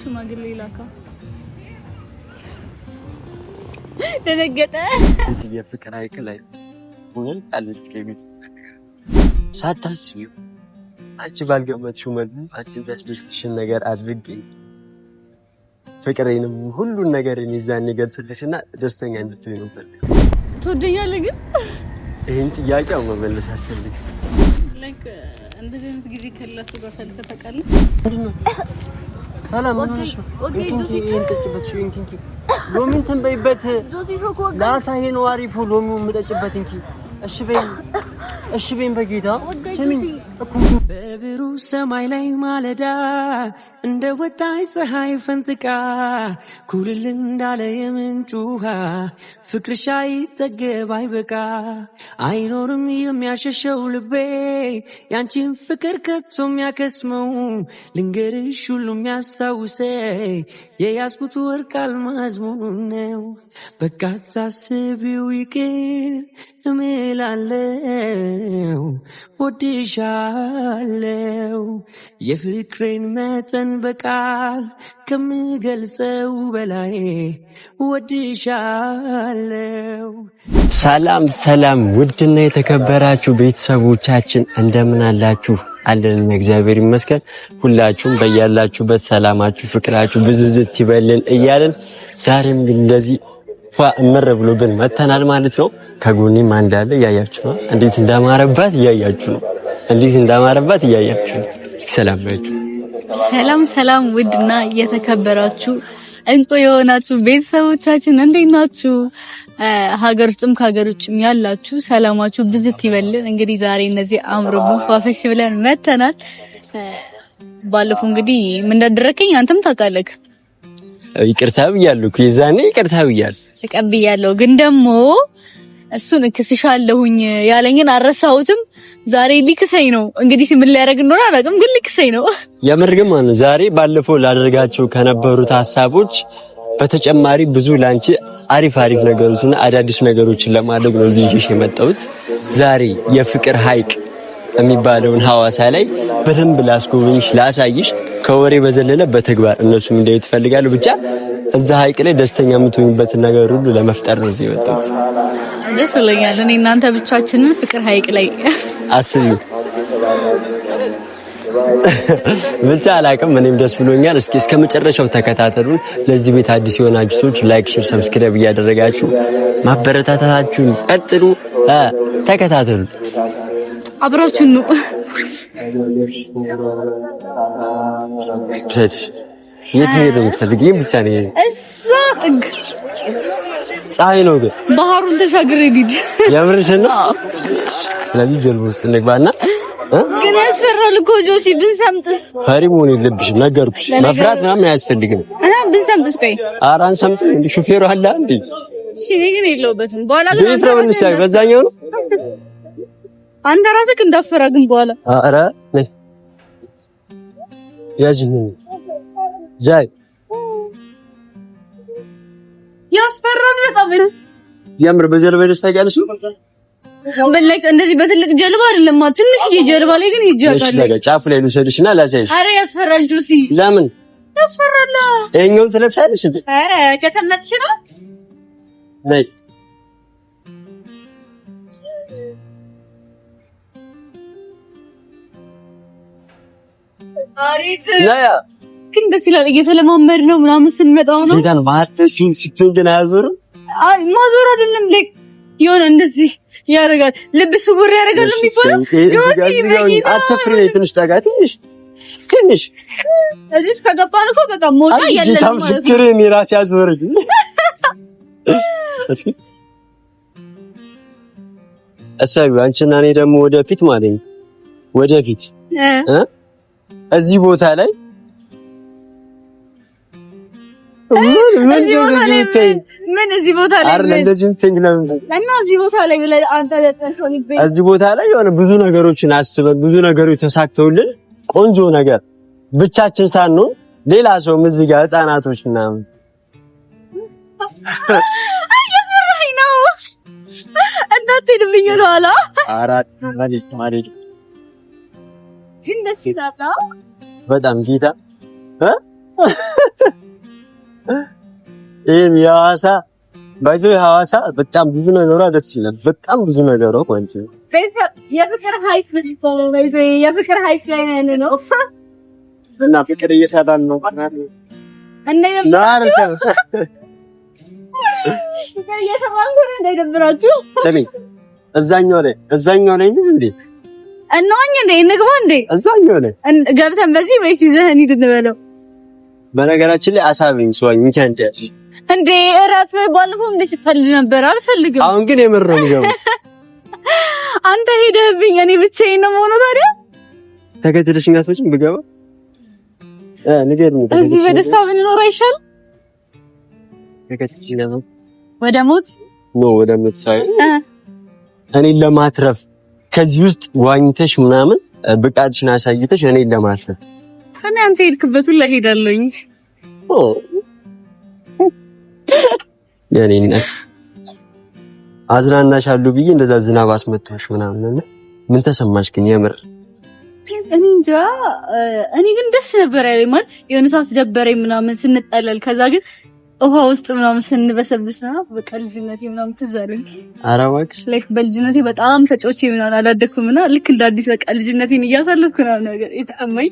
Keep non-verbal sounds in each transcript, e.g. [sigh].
ሽማግሌ ላካ ደነገጠ። እዚህ የፍቅር ሀይቅ ላይ ሆነን አለች ከቤት ሳታስቢው አንቺ ባልገመትሽው መልኩ አንቺን ያስደስትሽን ነገር አድርጌ ፍቅሬንም ሁሉን ነገር ይዛን ይገልጽልሽና ደስተኛ እንድትሆኝ ነው ፈልግ። ትወደኛለህ ግን ይህን ጥያቄ መመለስ አልፈልግም። እንደዚህ አይነት ጊዜ ከለሱ ጋር ሳልከ ታውቃለህ ሰላም ሆነሽ ነው። ይሄን ጠጭበት። እሺ እንኪ ሎሚ እንትን በይበት። ላሳ ይሄ ነው ሎሚውን የምጠጭበት። እንኪ እሺ በይ እሺ ቤን በጌታ በብሩ በብሩህ ሰማይ ላይ ማለዳ እንደ ወጣይ ፀሐይ ፈንጥቃ ኩልል እንዳለ የምንጩ ውሃ ፍቅርሽ አይጠገብ አይበቃ አይኖርም የሚያሸሸው ልቤ ያንቺን ፍቅር ከቶ የሚያከስመው ልንገርሽ ሁሉ የሚያስታውሰ የያዝኩት ወርቅ አልማዝሙኑ ነው በቃ ስቢው ይቅር እምላለው ነው ወድሻለው የፍቅሬን መጠን በቃል ከምገልጸው በላይ ወድሻለው። ሰላም ሰላም! ውድና የተከበራችሁ ቤተሰቦቻችን እንደምን አላችሁ? አለን እግዚአብሔር ይመስገን። ሁላችሁም በያላችሁበት ሰላማችሁ፣ ፍቅራችሁ ብዝዝት ይበልን እያለን ዛሬም እንደዚህ ምር ብሎብን መተናል ማለት ነው። ከጎኔም አንድ አለ እያያችሁ ነው። እንዴት እንዳማረባት እያያችሁ ነው። እንዴት እንዳማረባት እያያችሁ ነው። ሰላም ናችሁ። ሰላም ሰላም! ውድና እየተከበራችሁ እንቆ የሆናችሁ ቤተሰቦቻችን እንዴት ናችሁ? ሀገር ውስጥም ከሀገር ውጭም ያላችሁ ሰላማችሁ ብዝት ይበልን። እንግዲህ ዛሬ እነዚህ አምሮ ቡፋፈሽ ብለን መተናል። ባለፈው እንግዲህ ምን እንዳደረከኝ አንተም ታውቃለህ። ይቅርታ ብያለሁ፣ የዛኔ ይቅርታ ብያለሁ፣ ተቀብያለሁ ግን ደግሞ እሱን እክስሻለሁኝ ያለኝን አረሳሁትም። ዛሬ ሊክሰኝ ነው። እንግዲህ ምን ሊያደርግ እንደሆነ አላውቅም፣ ግን ሊክሰኝ ነው። የምር ግን ዛሬ ባለፈው ላደርጋቸው ከነበሩት ሀሳቦች በተጨማሪ ብዙ ላንቺ አሪፍ አሪፍ ነገሮችና አዳዲስ ነገሮችን ለማድረግ ነው እዚህ ይዤሽ የመጣሁት። ዛሬ የፍቅር ሀይቅ የሚባለውን ሀዋሳ ላይ በደንብ ላስጎብኝሽ፣ ላሳይሽ። ከወሬ በዘለለ በተግባር እነሱም እንዲያዩ ትፈልጋለሁ። ብቻ እዛ ሀይቅ ላይ ደስተኛ የምትሆኝበትን ነገር ሁሉ ለመፍጠር ነው እዚህ የመጣሁት። ደስ ብሎኛል። እኔ እናንተ ብቻችንን ፍቅር ሀይቅ ላይ አስቢው ብቻ አላቅም። እኔም ደስ ብሎኛል። እስኪ እስከ መጨረሻው ተከታተሉን። ለዚህ ቤት አዲስ የሆናችሁ ሰዎች ላይክ፣ ሼር፣ ሰብስክራይብ እያደረጋችሁ ማበረታታታችሁን ቀጥሉ። ተከታተሉ፣ አብራችሁን ነው የት መሄድ ነው የምትፈልጊው? ብቻ ነው እዛ ጥግ ፀሐይ ነው ግን ባህሩን ተሻግሬ ሊድ የምርሽን ነው። ስለዚህ ጀልባ ውስጥ እንግባና ግን ያስፈራል እኮ ጆሲ፣ ብንሰምጥስ? ፈሪ መሆን የለብሽም ነገርኩሽ። መፍራት ምናምን አያስፈልግም። እና ብንሰምጥስ? ቆይ ኧረ አንሰምጥም። እንደ ሹፌሩ አለ እንዴ? እሺ እኔ ግን የለሁበትም። በኋላ ግን እንሻይ በዛኛው ነው አንተ ራስህ እንዳፈራ ግን በኋላ ኧረ ነይ ያዥኝ ጃይ ያስፈራል በጣም ያምር። በጀልባ ሄደሽ ታውቂያለሽ? በላይክ እንደዚህ በትልቅ ጀልባ አይደለም፣ ትንሽዬ ጀልባ ላይ ግን ይጃታል። ጫፍ ላይ ልውሰድሽና ላሳይሽ። አረ ያስፈራል ጆሲ። ለምን ያስፈራል? ይሄኛውን ትለብሳለሽ። አረ ከሰመጥሽ ነው ነይ አሪፍ ግን ደስ ይላል። እየተለማመድ ነው ምናምን ስንመጣ ነው ሲን ሲቱን ግን አያዞርም። ማዞር አይደለም ላይክ የሆነ እንደዚህ ያደርጋል። ልብ ስውር ያደርጋል የሚባለው አትፍሪ። ትንሽ ጠጋ ትንሽ ትንሽ እዚህ ከገባን እኮ በቃ ሞታ ያለን ማለት ነው። የራስ ያዞርግ እስኪ እሰቢው አንቺና እኔ ደግሞ ወደፊት ማለት ነው ወደፊት እዚህ ቦታ ላይ ምን እዚህ ቦታ ላይ እዚህ ቦታ ላይ የሆነ ብዙ ነገሮችን አስበን ብዙ ነገሮች ተሳክተውልን ቆንጆ ነገር ብቻችን ሳንሆን ሌላ ሰውም እዚህ ጋር ህፃናቶች ምናምን እየሰራኝ ነው። እንዳትሄድብኝ ኋላ ግን ደስ ይላል በጣም ጌታ ይህም የሐዋሳ ባይዘ ሐዋሳ በጣም ብዙ ነገሯ ደስ ይላል። በጣም ብዙ ነገሯ ቆንጆ የፍቅር ሀይፍ የፍቅር ሀይፍ ላይ ያለ ነው እና ፍቅር እየሰራን ነው እንዳይደብራችሁ እዛኛው ላይ እዛኛው ላይ እንዴ እንግባ እንዴ እዛኛው ላይ ገብተን በዚህ ወይስ ይዘህን ሂድ እንበለው በነገራችን ላይ አሳብኝ ስዋኝ ሚካንድ ያልሽ እንዴ እራት ባለፈው እንደ ስትፈልግ ነበር። አልፈልግም። አሁን ግን የምር ነው የሚገባው። [laughs] አንተ ሄደህብኝ እኔ ብቻዬን ነው የምሆነው። ታዲያ ተከትለሽኝ አትመጭም? ብገባ እዚህ በደስታ ብንኖር አይሻልም? ተከትለሽኝ ወደ ሞት ኖ ወደ ሞት ሳይሆን እኔን ለማትረፍ ከዚህ ውስጥ ዋኝተሽ ምናምን ብቃትሽን አሳይተሽ እኔን ለማትረፍ እኔ አንተ ሄድክበት ሁላ ሄዳለኝ። ኦ ያኔ እናት አዝናናሻለሁ ብዬ እንደዛ ዝናብ አስመጥቶሽ ምናምን ምን ተሰማሽ ግን? የምር እኔ እንጃ። እኔ ግን ደስ ነበር ያለኝ ማለት የሆነ ሰዓት ደበረኝ ምናምን ስንጠለል፣ ከዛ ግን ውሃ ውስጥ ምናምን ስንበሰብስ ነው በቃ ልጅነቴ ምናምን ትዝ አለኝ። ኧረ እባክሽ ላይክ በልጅነቴ በጣም ተጫውቼ ምናምን አላደኩም እና ልክ እንደ አዲስ በቃ ልጅነቴን እያሳለፍኩ ምናምን ነገር የጣመኝ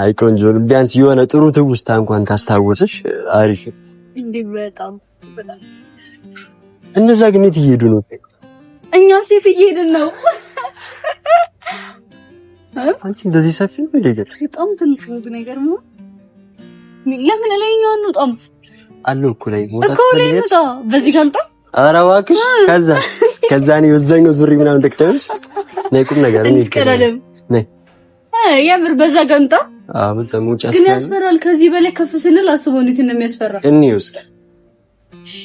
አይ ቆንጆ ነው። ቢያንስ የሆነ ጥሩ ትውስታ እንኳን ካስታወሰሽ አሪፍ። እነዛ ግን የት እየሄዱ ነው? እኛ ሴት እየሄድን ነው። አንቺ እንደዚህ ሰፊ ነው ነገር በጣም ትንሽ ነው ነገር ነው። ለምን ላይኛው አንወጣም? አለው እኮ ላይ ሞታ እኮ ላይ ሞታ በዚህ ካልጣ ኧረ እባክሽ ከዛ ከዛ ነው የወዛኛው ዙሪ ምናምን ተከታዮች ነይ ቁም ነገር እንይዝ የምር በዛ ገምጣ ግን ያስፈራል። ከዚህ በላይ ከፍ ስንል አስበው እንዴት ነው የሚያስፈራ። እሺ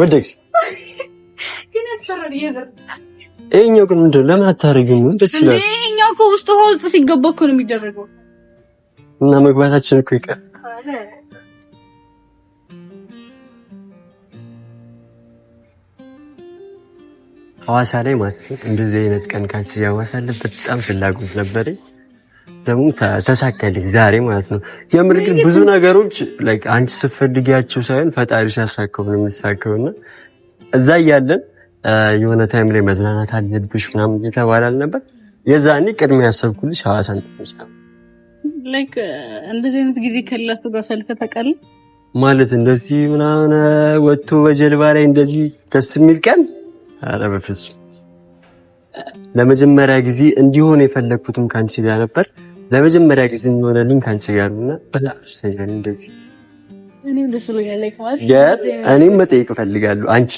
ወደክ ግን ያስፈራል። የምር ይኸኛው ግን ምንድን ነው ለምን አታረጊውም? ደስ ይላል። ይኸኛው እኮ ውስጥ ውሃ ውስጥ ሲገባ እኮ ነው የሚደረገው እና መግባታችን እኮ ይቀር ሐዋሳ ላይ ማለት ነው እንደዚህ አይነት ቀን ካንቺ ያዋሳለ በጣም ፍላጎት ነበረ። ደግሞ ተሳካልኝ ዛሬ ማለት ነው። የምር ግን ብዙ ነገሮች ላይክ አንቺ ስትፈልጊያቸው ሳይሆን ፈጣሪ ሲያሳካው ነው የሚሳካውና እዛ እያለን የሆነ ታይም ላይ መዝናናት አለብሽ ምናምን እየተባላል ነበር። የዛኔ ቅድሚያ ያሰብኩልሽ ሐዋሳ ነው። ላይክ እንደዚህ አይነት ጊዜ ከላሱ ጋር ሰልፈ ታውቃለህ ማለት እንደዚህ ምናምን ወጥቶ በጀልባ ላይ እንደዚህ ደስ የሚል ቀን ኧረ በፍፁም ለመጀመሪያ ጊዜ እንዲሆን የፈለግኩትም ከአንቺ ጋር ነበር። ለመጀመሪያ ጊዜ እንዲሆነልኝ ከአንቺ ጋር እና በላርሰኛል እንደዚህ እኔም መጠየቅ እፈልጋለሁ። አንቺ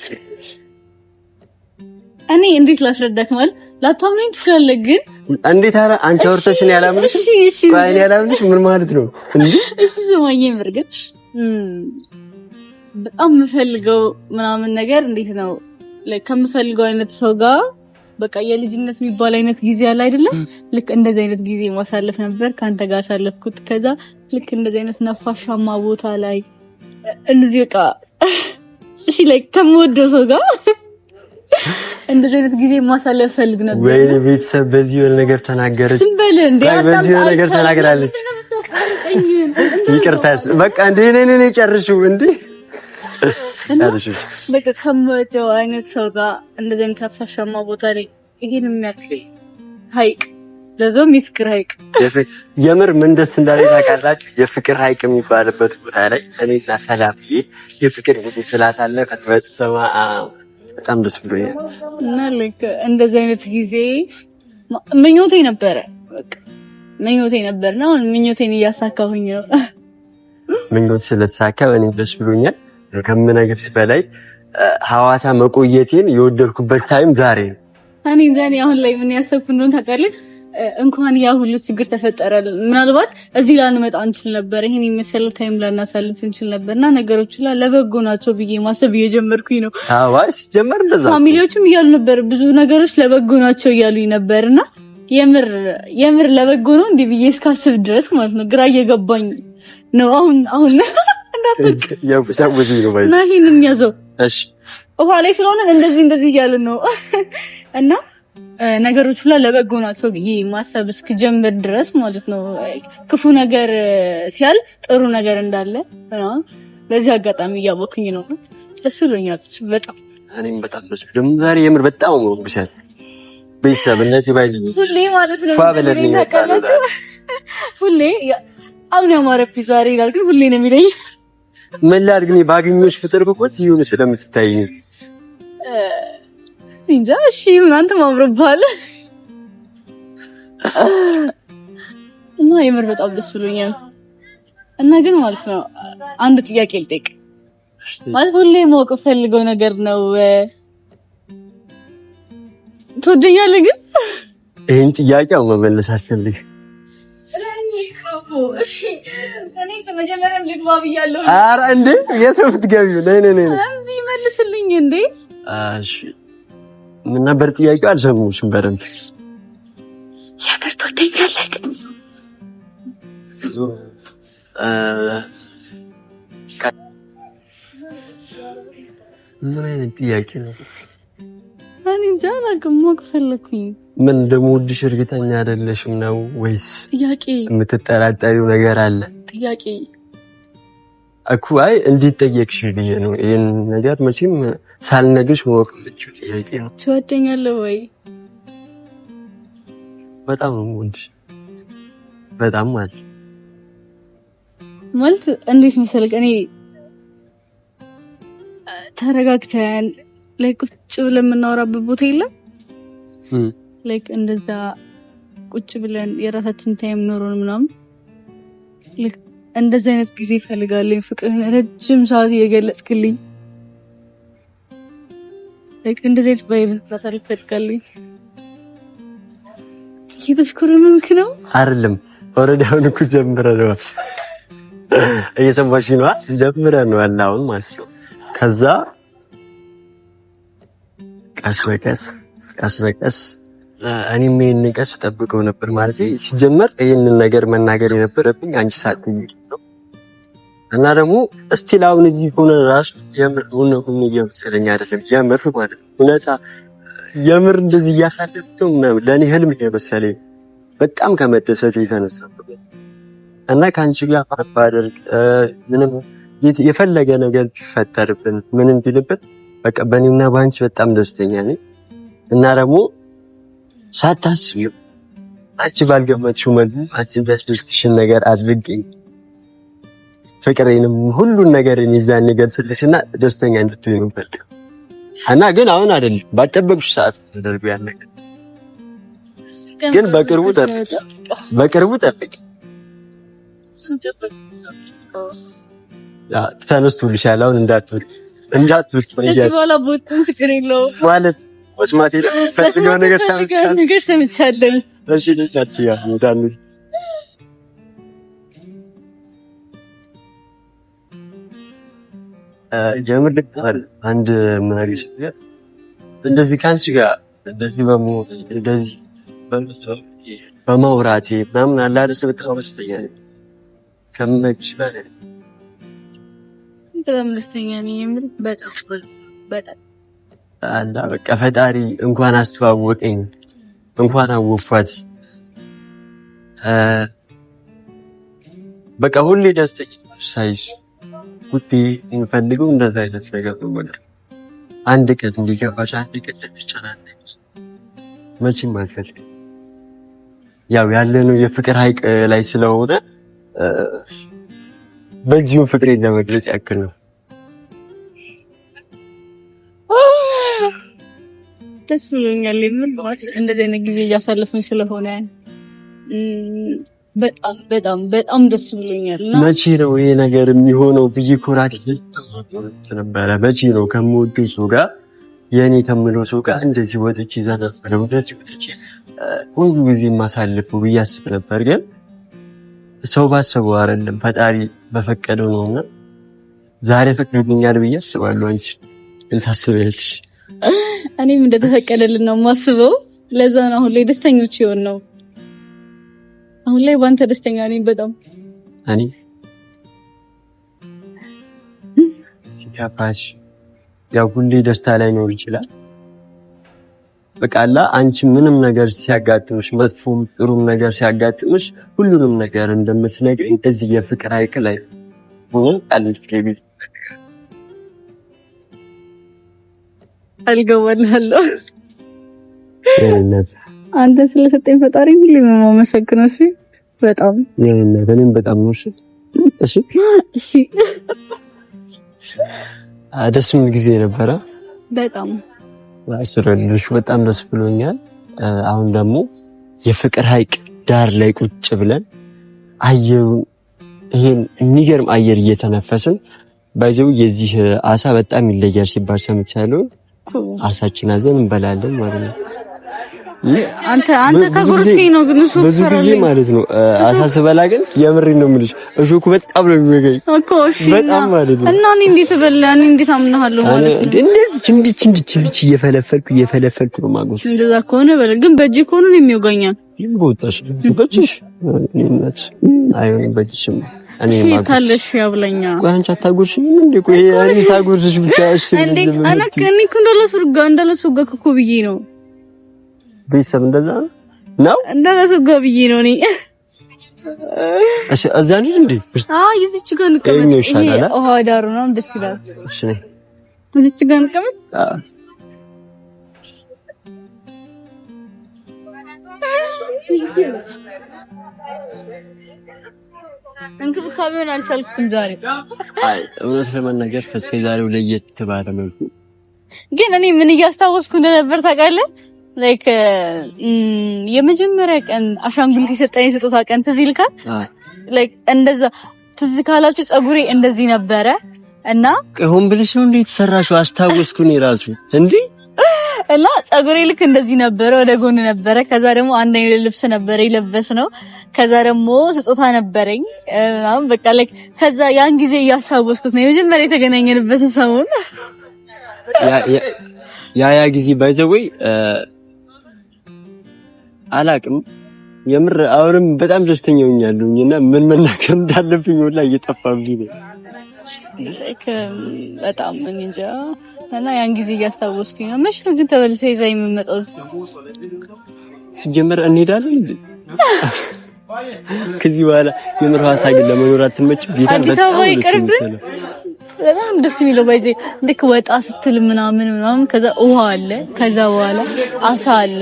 እኔ እንዴት ላስረዳክ? ማለት ላታምነኝ ትችላለህ፣ ግን እንዴት ኧረ አንቺ አውርተሽ እኔ አላምንሽም። ቆይ እኔ አላምንሽ ምን ማለት ነው? እሺ ስማዬ፣ በጣም የምፈልገው ምናምን ነገር እንዴት ነው ከምፈልገው አይነት ሰው ጋር በቃ የልጅነት የሚባል አይነት ጊዜ አለ አይደለም? ልክ እንደዚህ አይነት ጊዜ ማሳለፍ ነበር ከአንተ ጋር አሳለፍኩት። ከዛ ልክ እንደዚህ አይነት ነፋሻማ ቦታ ላይ እንደዚህ በቃ [laughs] እሺ፣ ላይ ከምወደው ሰው ጋር [laughs] እንደዚህ አይነት ጊዜ ማሳለፍ ፈልግ ነበር። ወይኔ ቤተሰብ በዚህ የሆነ ነገር ተናገረች። ስንበል በል እንዴ! በዚህ የሆነ ነገር ተናግራለች። ይቅርታሽ በቃ እንዴ ነኔ ጨርሽው ጨርሹ እንዴ እና በቃ ከምወደው አይነት ሰው ጋር እንደዚህ ቦታ ላይ ይሄን የሚያክል ሐይቅ ለዞም የፍቅር ሀይቅ የምር ምን ደስ እንዳለኝ ታውቃላችሁ? የፍቅር ሀይቅ የሚባልበት ቦታ ላይ እኔና ሰላምዬ የፍቅር ጊዜ ስላሳለፍን በስመ አብ በጣም ደስ ብሎ እና ልክ እንደዚህ አይነት ጊዜ ምኞቴ ነበረ ምኞቴ ነበር አሁን ምኞቴን እያሳካሁኝ ነው። ምኞት ስለተሳካ እኔም ደስ ብሎኛል። ከምነግርሽ በላይ ሐዋሳ መቆየቴን የወደድኩበት ታይም ዛሬ ነው። እኔ ዛኔ አሁን ላይ ምን ያሰብኩ እንደሆነ ታውቃለህ? እንኳን ያ ሁሉ ችግር ተፈጠረ፣ ምናልባት እዚህ ላንመጣ እንችል ነበር፣ ይህን የመሰለ ታይም ላናሳልፍ እንችል ነበር እና ነገሮች ላ ለበጎ ናቸው ብዬ ማሰብ እየጀመርኩኝ ነው። ሲጀመር ፋሚሊዎችም እያሉ ነበር፣ ብዙ ነገሮች ለበጎ ናቸው እያሉኝ ነበር እና የምር ለበጎ ነው እንዲህ ብዬ እስካስብ ድረስ ማለት ነው ግራ እየገባኝ ነው አሁን አሁን ውሃ ላይ ስለሆነ እንደዚህ እንደዚህ እያልን ነው እና ነገሮች ሁላ ለበጎ ናቸው ብዬ ማሰብ እስክጀምር ድረስ ማለት ነው። ክፉ ነገር ሲያል ጥሩ ነገር እንዳለ በዚህ አጋጣሚ እያወኩኝ ነው። ደስ ብሎኛል በጣም እኔም በጣም ደስ ዛሬ የምር በጣም ቤተሰብ እነዚህ ሁሌ ማለት ነው ሁሌ አሁን ያማረብኝ ዛሬ ይላል፣ ግን ሁሌ ነው የሚለኝ ምን ላድርግ እኔ ባገኘሁሽ ፍጥር ብቆት ይሁን ስለምትታይኝ እንጃ። እሺ ምናንተ ማምሮብሃል እና የምር በጣም ደስ ብሎኛል። እና ግን ማለት ነው አንድ ጥያቄ ልጠይቅ። ማለት ሁሌ ማወቅ ፈልገው ነገር ነው። ትወደኛለህ? ግን ይህን ጥያቄ መመለስ አልፈልግም እሺ እኔ ከመጀመሪያም ልግባ ብያለሁ። ኧረ እንዴ የት ነው የምትገቢው? ነይ ነይ ነይ። እምቢ እንዴ እሺ ምን ነበር ጥያቄው? አልሰማሁሽም በደንብ። የምር ትወደኛለህ? ምን አይነት ጥያቄ ነው? እንጃ አላውቅም። ማወቅ ፈለኩኝ። ምን እንደምወድሽ እርግጠኛ አይደለሽም ነው ወይስ ጥያቄ? የምትጠራጠሪው ነገር አለ? ጥያቄ እኮ አይ እንዴት ጠየቅሽ ብዬ ነው። ይህን ነገር መቼም ሳልነግርሽ ማወቅ የምችው ጥያቄ ነው። ትወደኛለህ ወይ? በጣም ነው የምወድሽ። በጣም ማለት ማለት እንዴት መሰለህ እኔ ተረጋግተን ቁጭ ብለን የምናወራበት ቦታ የለም። ላይክ እንደዛ ቁጭ ብለን የራሳችን ታይም ኖሮን ምናምን ልክ እንደዚህ አይነት ጊዜ ይፈልጋለኝ። ፍቅርን ረጅም ሰዓት እየገለጽክልኝ ላይክ እንደዚህ አይነት ባይብ ማሳል ይፈልጋለኝ። ምንክ ነው አይደለም? ኦልሬዲ አሁን እኮ ጀምረነዋል። እየሰማሽ ነዋ። ጀምረነዋል አሁን ማለት ነው ከዛ ቀስ በቀስ ቀስ በቀስ እኔም ይህን ቀስ ጠብቀው ነበር ማለት ሲጀመር ይህንን ነገር መናገር የነበረብኝ አንቺ ሰዓት እና ደግሞ እስቲል አሁን እዚህ ሆነ ራሱ የምር ሆነ ሆነ እየመሰለኝ አይደለም። የምር ማለት ነው እውነታ የምር እንደዚህ እያሳለፍኩ ምናምን ለእኔ ህልም የመሰለኝ በጣም ከመደሰት የተነሳ እና ከአንቺ ጋር ባደርግ ምንም የፈለገ ነገር ቢፈጠርብን ምንም ቢልብን በቃ በእኔና በአንቺ በጣም ደስተኛ ነኝ እና ደግሞ ሳታስቢው አንቺ ባልገመትሽው መልኩ አንቺን ያስደስትሽን ነገር አድርጌ ፍቅሬንም ሁሉን ነገር ይዛን ይገልጽልሽና ደስተኛ እንድትሆኝ ፈልገው እና ግን አሁን አይደለም ባልጠበቅሽ ሰዓት ተደርጎ ያን ነገር ግን በቅርቡ ጠብቂ፣ በቅርቡ ጠብቂ። ተነስቶልሻል አሁን እንዳትወድ እንጂ አትብቅ በኋላ ቦታን ችግር የለውም ማለት መስማት የፈለገው ነገር ሰምቻለሁ። እሺ ደስ ጀምር አንድ ምናሪ እንደዚህ ከአንቺ ጋር እንደዚህ በመሆን እንደዚህ በማውራቴ ምናምን አለ አይደል በጣም በጣም ደስተኛ ነኝ በጣም በጣም በቃ ፈጣሪ እንኳን አስተዋወቀኝ እንኳን አወኳት። በቃ ሁሌ ደስተኛ ሳይሽ የምፈልገው አይነት ነገር ነው። አንድ ቀን እንዲገባሽ አንድ ቀን ልትጨናነቂ መቼም አልፈልግም። ያው ያለነው የፍቅር ሐይቅ ላይ ስለሆነ በዚሁም ፍቅሬን ለመግለጽ ያክል ነው። ደስ ብሎኛል። የምን እንደዚህ አይነት ጊዜ እያሳለፍን ስለሆነ በጣም በጣም በጣም ደስ ብሎኛል። መቼ ነው ይሄ ነገር የሚሆነው ብዬ ኮራት ነበረ። መቼ ነው ከምወዱ ሰው ጋር የእኔ ከምለው ሰው ጋር እንደዚህ ወጥቼ ዘና ወጥቼ ሁሉ ጊዜ የማሳልፈው ብዬ አስብ ነበር ግን ሰው ባሰበው አይደለም ፈጣሪ በፈቀደው ነውና ዛሬ ፈቅዶልኛል ብዬ አስባለሁ። አንቺ ልታስበልሽ እኔም እንደተፈቀደልን ነው የማስበው። ለዛ ነው አሁን ላይ ደስተኞች ይሆን ነው። አሁን ላይ ባንተ ደስተኛ ነኝ በጣም እኔ ሲከፋሽ ያው ሁሌ ደስታ ላይ ኖር ይችላል በቃ አንቺ ምንም ነገር ሲያጋጥምሽ መጥፎም ጥሩም ነገር ሲያጋጥምሽ ሁሉንም ነገር እንደምትነግሪኝ እዚህ የፍቅር ሐይቅ ላይ ሆኖ አልትገቢ አልገባላለሁ። አንተ ስለሰጠኝ ፈጣሪ ሁሌ የማመሰግነው እሺ። በጣም የእውነት እኔም በጣም ነው። እሺ እሺ እሺ። ደስ የሚል ጊዜ ነበረ በጣም ስለሽ በጣም ደስ ብሎኛል። አሁን ደግሞ የፍቅር ሐይቅ ዳር ላይ ቁጭ ብለን አየሩ ይሄን የሚገርም አየር እየተነፈስን ባይዘው የዚህ አሳ በጣም ይለያል ሲባል ሰምቻለሁ። አሳችን አዘን እንበላለን ማለት ነው። አንተ አንተ ከጉርሴ ነው ግን እሱ ብዙ ጊዜ ማለት ነው አሳ ግን የምሬ ነው የምልሽ፣ እሾኩ በጣም ነው የሚገኝ እኮ። እሺ በጣም ማለት ነው። እና እኔ እንዴት በላ እኔ እንዴት አምናለሁ ማለት ነው። እንደዚህ ችምድች ችምድች እየፈለፈልኩ እየፈለፈልኩ ነው ማጎስ። እንደዛ ከሆነ በለ ግን በእጄ ከሆነ ነው የሚወጋኛል። ግን በወጣሽ በእጅሽ እኔነት አይሆንም በእጅሽም ታለሽ ያብለኛ አንቺ አታጎርሽኝ እንዴ? ቆይ እኔ ሳጎርስሽ ብቻ እሺ እንዴ? አናከኒ ኩንዶለስ ሩጋ እንዳለስ ሩጋ እኮ ብዬሽ ነው ቤተሰብ እንደዛ ነው። እንደነሱ ጎብዬ ነው እኔ እሺ፣ እዛ ነው እንዴ? አዎ፣ ይዝች ጋር እንቀመጥ። ይሄ ውሃ ዳሩ ነው፣ ደስ ይላል። እሺ፣ ይዝች ጋር እንቀመጥ። አዎ፣ እንክብካቤውን አልቻልኩም ዛሬ። አይ፣ እውነት ለመናገር ከእስከ ዛሬው ለየት ባለ መልኩ ግን እኔ ምን እያስታወስኩ እንደነበር ታውቃለህ? ላይክ uh, mm, የመጀመሪያ ቀን አሻንጉል ሲሰጠኝ ስጦታ ቀን ትዝ ይልካል። ላይክ እንደዛ ትዝ ካላችሁ ፀጉሬ እንደዚህ ነበረ እና ሆን ብልሽ ነው እንዴ ተሰራሽው? አስታወስኩኝ ራሱ እንዴ እና ፀጉሬ ልክ እንደዚህ ነበረ፣ ወደ ጎን ነበረ። ከዛ ደግሞ አንድ አይነት ልብስ ነበረ የለበስ ነው። ከዛ ደግሞ ስጦታ ነበረኝ ምናምን በቃ ላይክ ከዛ ያን ጊዜ እያስታወስኩት ነው የመጀመሪያ የተገናኘንበትን ሰውን ያ ያ ጊዜ ባይዘወይ አላቅም። የምር አሁንም በጣም ደስተኛ ሆኛለሁኝ እና ምን መናገር እንዳለብኝ ሁላ እየጠፋብኝ ነው። በጣም እኔ እንጃ እና ያን ጊዜ እያስታወስኩኝ ነው። መች ነው ግን ተመልሰህ ይዛ የምመጣው? ሲጀመር እንሄዳለን ከዚህ በኋላ የምር ሐዋሳ ግን ለመኖር አትመችም። በጣም ደስ የሚለው ባይዜ ልክ ወጣ ስትል ምናምን ምናምን ከዛ ውሃ አለ፣ ከዛ በኋላ አሳ አለ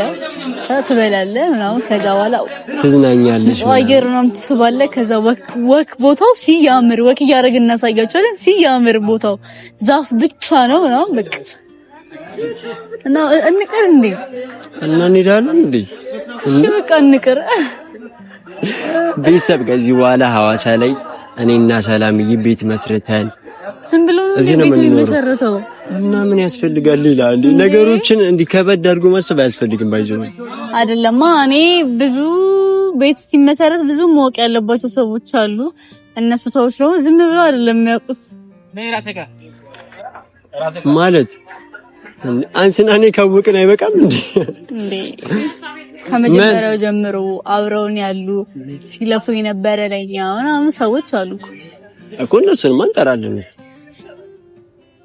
ትበላለህ ምናምን። ከዛ በኋላ ትዝናኛለሽ፣ አየር ምናምን ትስባለህ። ከዛ ወክ ወክ ቦታው ሲያምር ወክ እያደረግን እናሳያቸዋለን። ሲያምር ቦታው ዛፍ ብቻ ነው ምናምን በቃ እና እንቅር እንዴ እና እንሄዳለን እንዴ እሺ በቃ እንቅር። ቤተሰብ ከዚህ በኋላ ሐዋሳ ላይ እኔና ሰላምዬ ቤት መስርተን ዝም ብሎ ነው እና ምን ያስፈልጋል ይላል። ነገሮችን እንዲህ ከበድ አድርጎ ማሰብ አያስፈልግም። ባይዘው አይደለማ። እኔ ብዙ ቤት ሲመሰረት ብዙ ማወቅ ያለባቸው ሰዎች አሉ። እነሱ ሰዎች ነው ዝም ብሎ አይደለም የሚያውቁት ማለት አንተና እኔ ካወቅን አይበቃም እንዴ? [laughs] ከመጀመሪያው ጀምሮ አብረውን ያሉ ሲለፉ የነበረ ለኛ ምናምን ሰዎች አሉ እኮ እነሱንማ እንጠራለን።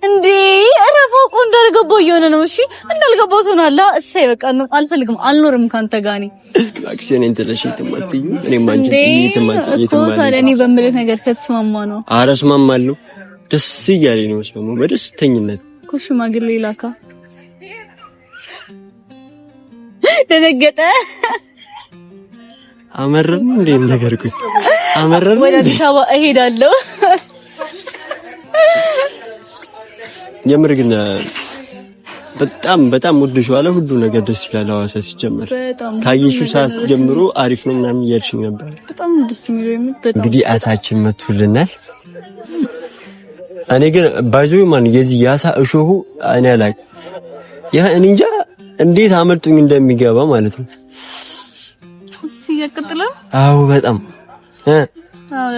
እንዴ ረፋቁ እንዳልገባው እየሆነ ነው። እሺ እንዳልገባው ትሆናላ። እሰይ በቃ አልፈልግም፣ አልኖርም ካንተ ጋር እኔ እኔ በምልህ ነገር ከተስማማ ነው። ኧረ እስማማለሁ። ደስ እያለኝ ነው የምስማማው በደስተኝነት እኮ። ሽማግሌ ላካ ደነገጠ። አመረን እንዴ ነገርኩኝ። አመረን ወደ አዲስ አበባ እሄዳለሁ የምር ግን በጣም በጣም ወድጄዋለሁ። ሁሉ ነገር ደስ ይላል። ሐዋሳ ሲጀመር ካየሽው ሰዓት ጀምሮ አሪፍ ነው ምናምን እያልሽኝ ነበር። በጣም ደስ የሚለው እንግዲህ አሳችን መቱልናል። እኔ ግን ባይዞ ማን የዚህ የአሳ እሾሁ እኔ አላቅ ያ እኔ እንጃ እንዴት አመልጡኝ እንደሚገባ ማለት ነው። አዎ በጣም አዎ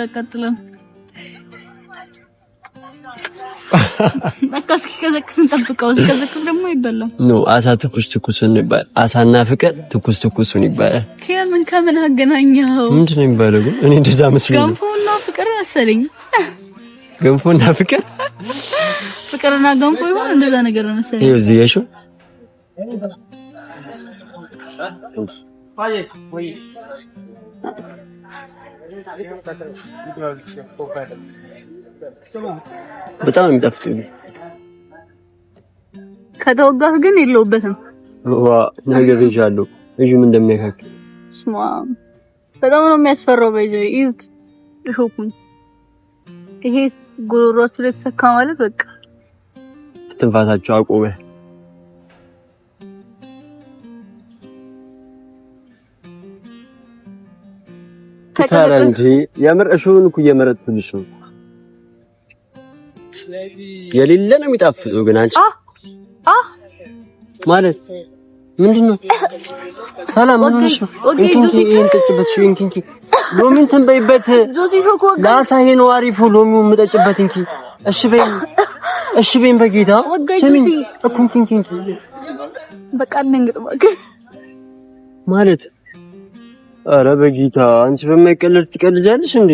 በቃ እስኪቀዘቅስ ጠብቀው። እስኪቀዘቅስ ደግሞ ይበላል። አሳ ትኩስ ትኩሱን ይባላል። አሳና ፍቅር ትኩስ ትኩሱን ይባላል። ከምን ከምን አገናኘው? ምንድን ነው የሚባለው ግን? እኔ እንደዛ መስሎኝ ነው። ገንፎና ፍቅር መሰለኝ። ገንፎና ፍቅር፣ ፍቅርና ገንፎ ይሆን እንደዛ ነገር መሰለኝ። ይኸው እዚህ የሺው በጣም የሚጣፍጥ ከተወጋህ ግን የለውበትም። ዋ ነገር ይሻሉ እጁ ምን እንደሚያካክ ስማ፣ በጣም ነው የሚያስፈራው። በዚህ ይዩት እሾኩኝ። ይሄ ጉሮሯችሁ ላይ ተሰካ ማለት በቃ ትንፋሳችሁ አቆመ። ታዲያ እንጂ የምር እሾሁን እኮ እየመረጥኩልሽ ነው የሌለ ነው የሚጣፍጠው። ግን አንቺ ማለት ምንድን ነው? ሰላም ምንሽ? ሆነሽ ነው? እንኪንኪ ይሄን ጠጭበት። እሺ እንኪንኪ ሎሚን ትንበይበት። ላሳዬ ነው አሪፉ ሎሚውን የምጠጭበት። እንኪ እሺ በይ፣ እሺ በይ። በጌታ ስሚኝ እኮ እንኪንኪ በቃ እንደንግጥ ማለት አረ በጌታ አንቺ በማይቀለድ ትቀልጃለሽ እንዴ?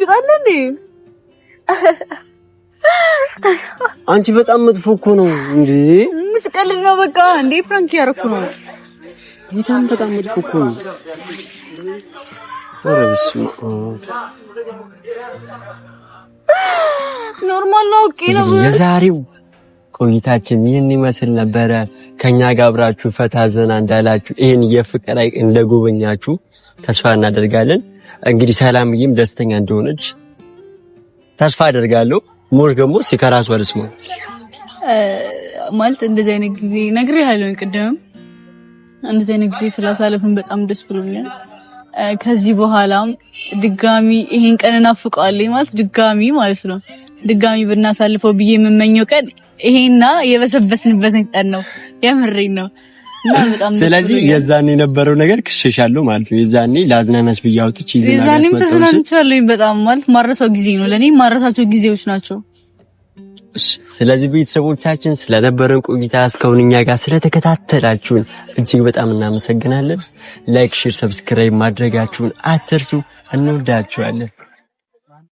ትደነግጣለ እንዴ? አንቺ በጣም መጥፎ እኮ ነው እንዴ! ምስቀልድ ነው በቃ እንዴ! ፕራንክ ያደረኩ ነው። በጣም በጣም መጥፎ እኮ ነው። ኧረ በስመ አብ ኖርማል ነው። ኦኬ ነው። የዛሬው ቆይታችን ይህን ይመስል ነበረ። ከኛ ጋር አብራችሁ ፈታ ዘና እንዳላችሁ ይህን የፍቅር ሐይቅ እንደጎበኛችሁ ተስፋ እናደርጋለን። እንግዲህ ሰላምዬም ደስተኛ እንደሆነች ተስፋ አደርጋለሁ። ሞር ደግሞ ሲከራስ ወደስ ነው ማለት እንደዚህ አይነት ጊዜ ነግሬሃለሁ። ቅድም እንደዚህ አይነት ጊዜ ስላሳለፍን በጣም ደስ ብሎኛል። ከዚህ በኋላም ድጋሚ ይሄን ቀን እናፍቀዋለን ማለት ድጋሚ ማለት ነው ድጋሚ ብናሳልፈው ብዬ የምመኘው ቀን ይሄና የበሰበስንበትን ቀን ነው። የምሬን ነው። ስለዚህ የዛኔ የነበረው ነገር ክሸሽ ማለት ነው። የዛኔ ለአዝናናሽ ብያውጥች ይዘና የዛኔም ተዝናንቻለሁኝ በጣም ማለት ማረሳው ጊዜ ነው ለእኔ ማረሳቸው ጊዜዎች ናቸው። ስለዚህ ቤተሰቦቻችን ስለነበረን ቆይታ እስካሁን እኛ ጋር ስለተከታተላችሁን እጅግ በጣም እናመሰግናለን። ላይክ፣ ሼር፣ ሰብስክራይብ ማድረጋችሁን አትርሱ። እንወዳችኋለን።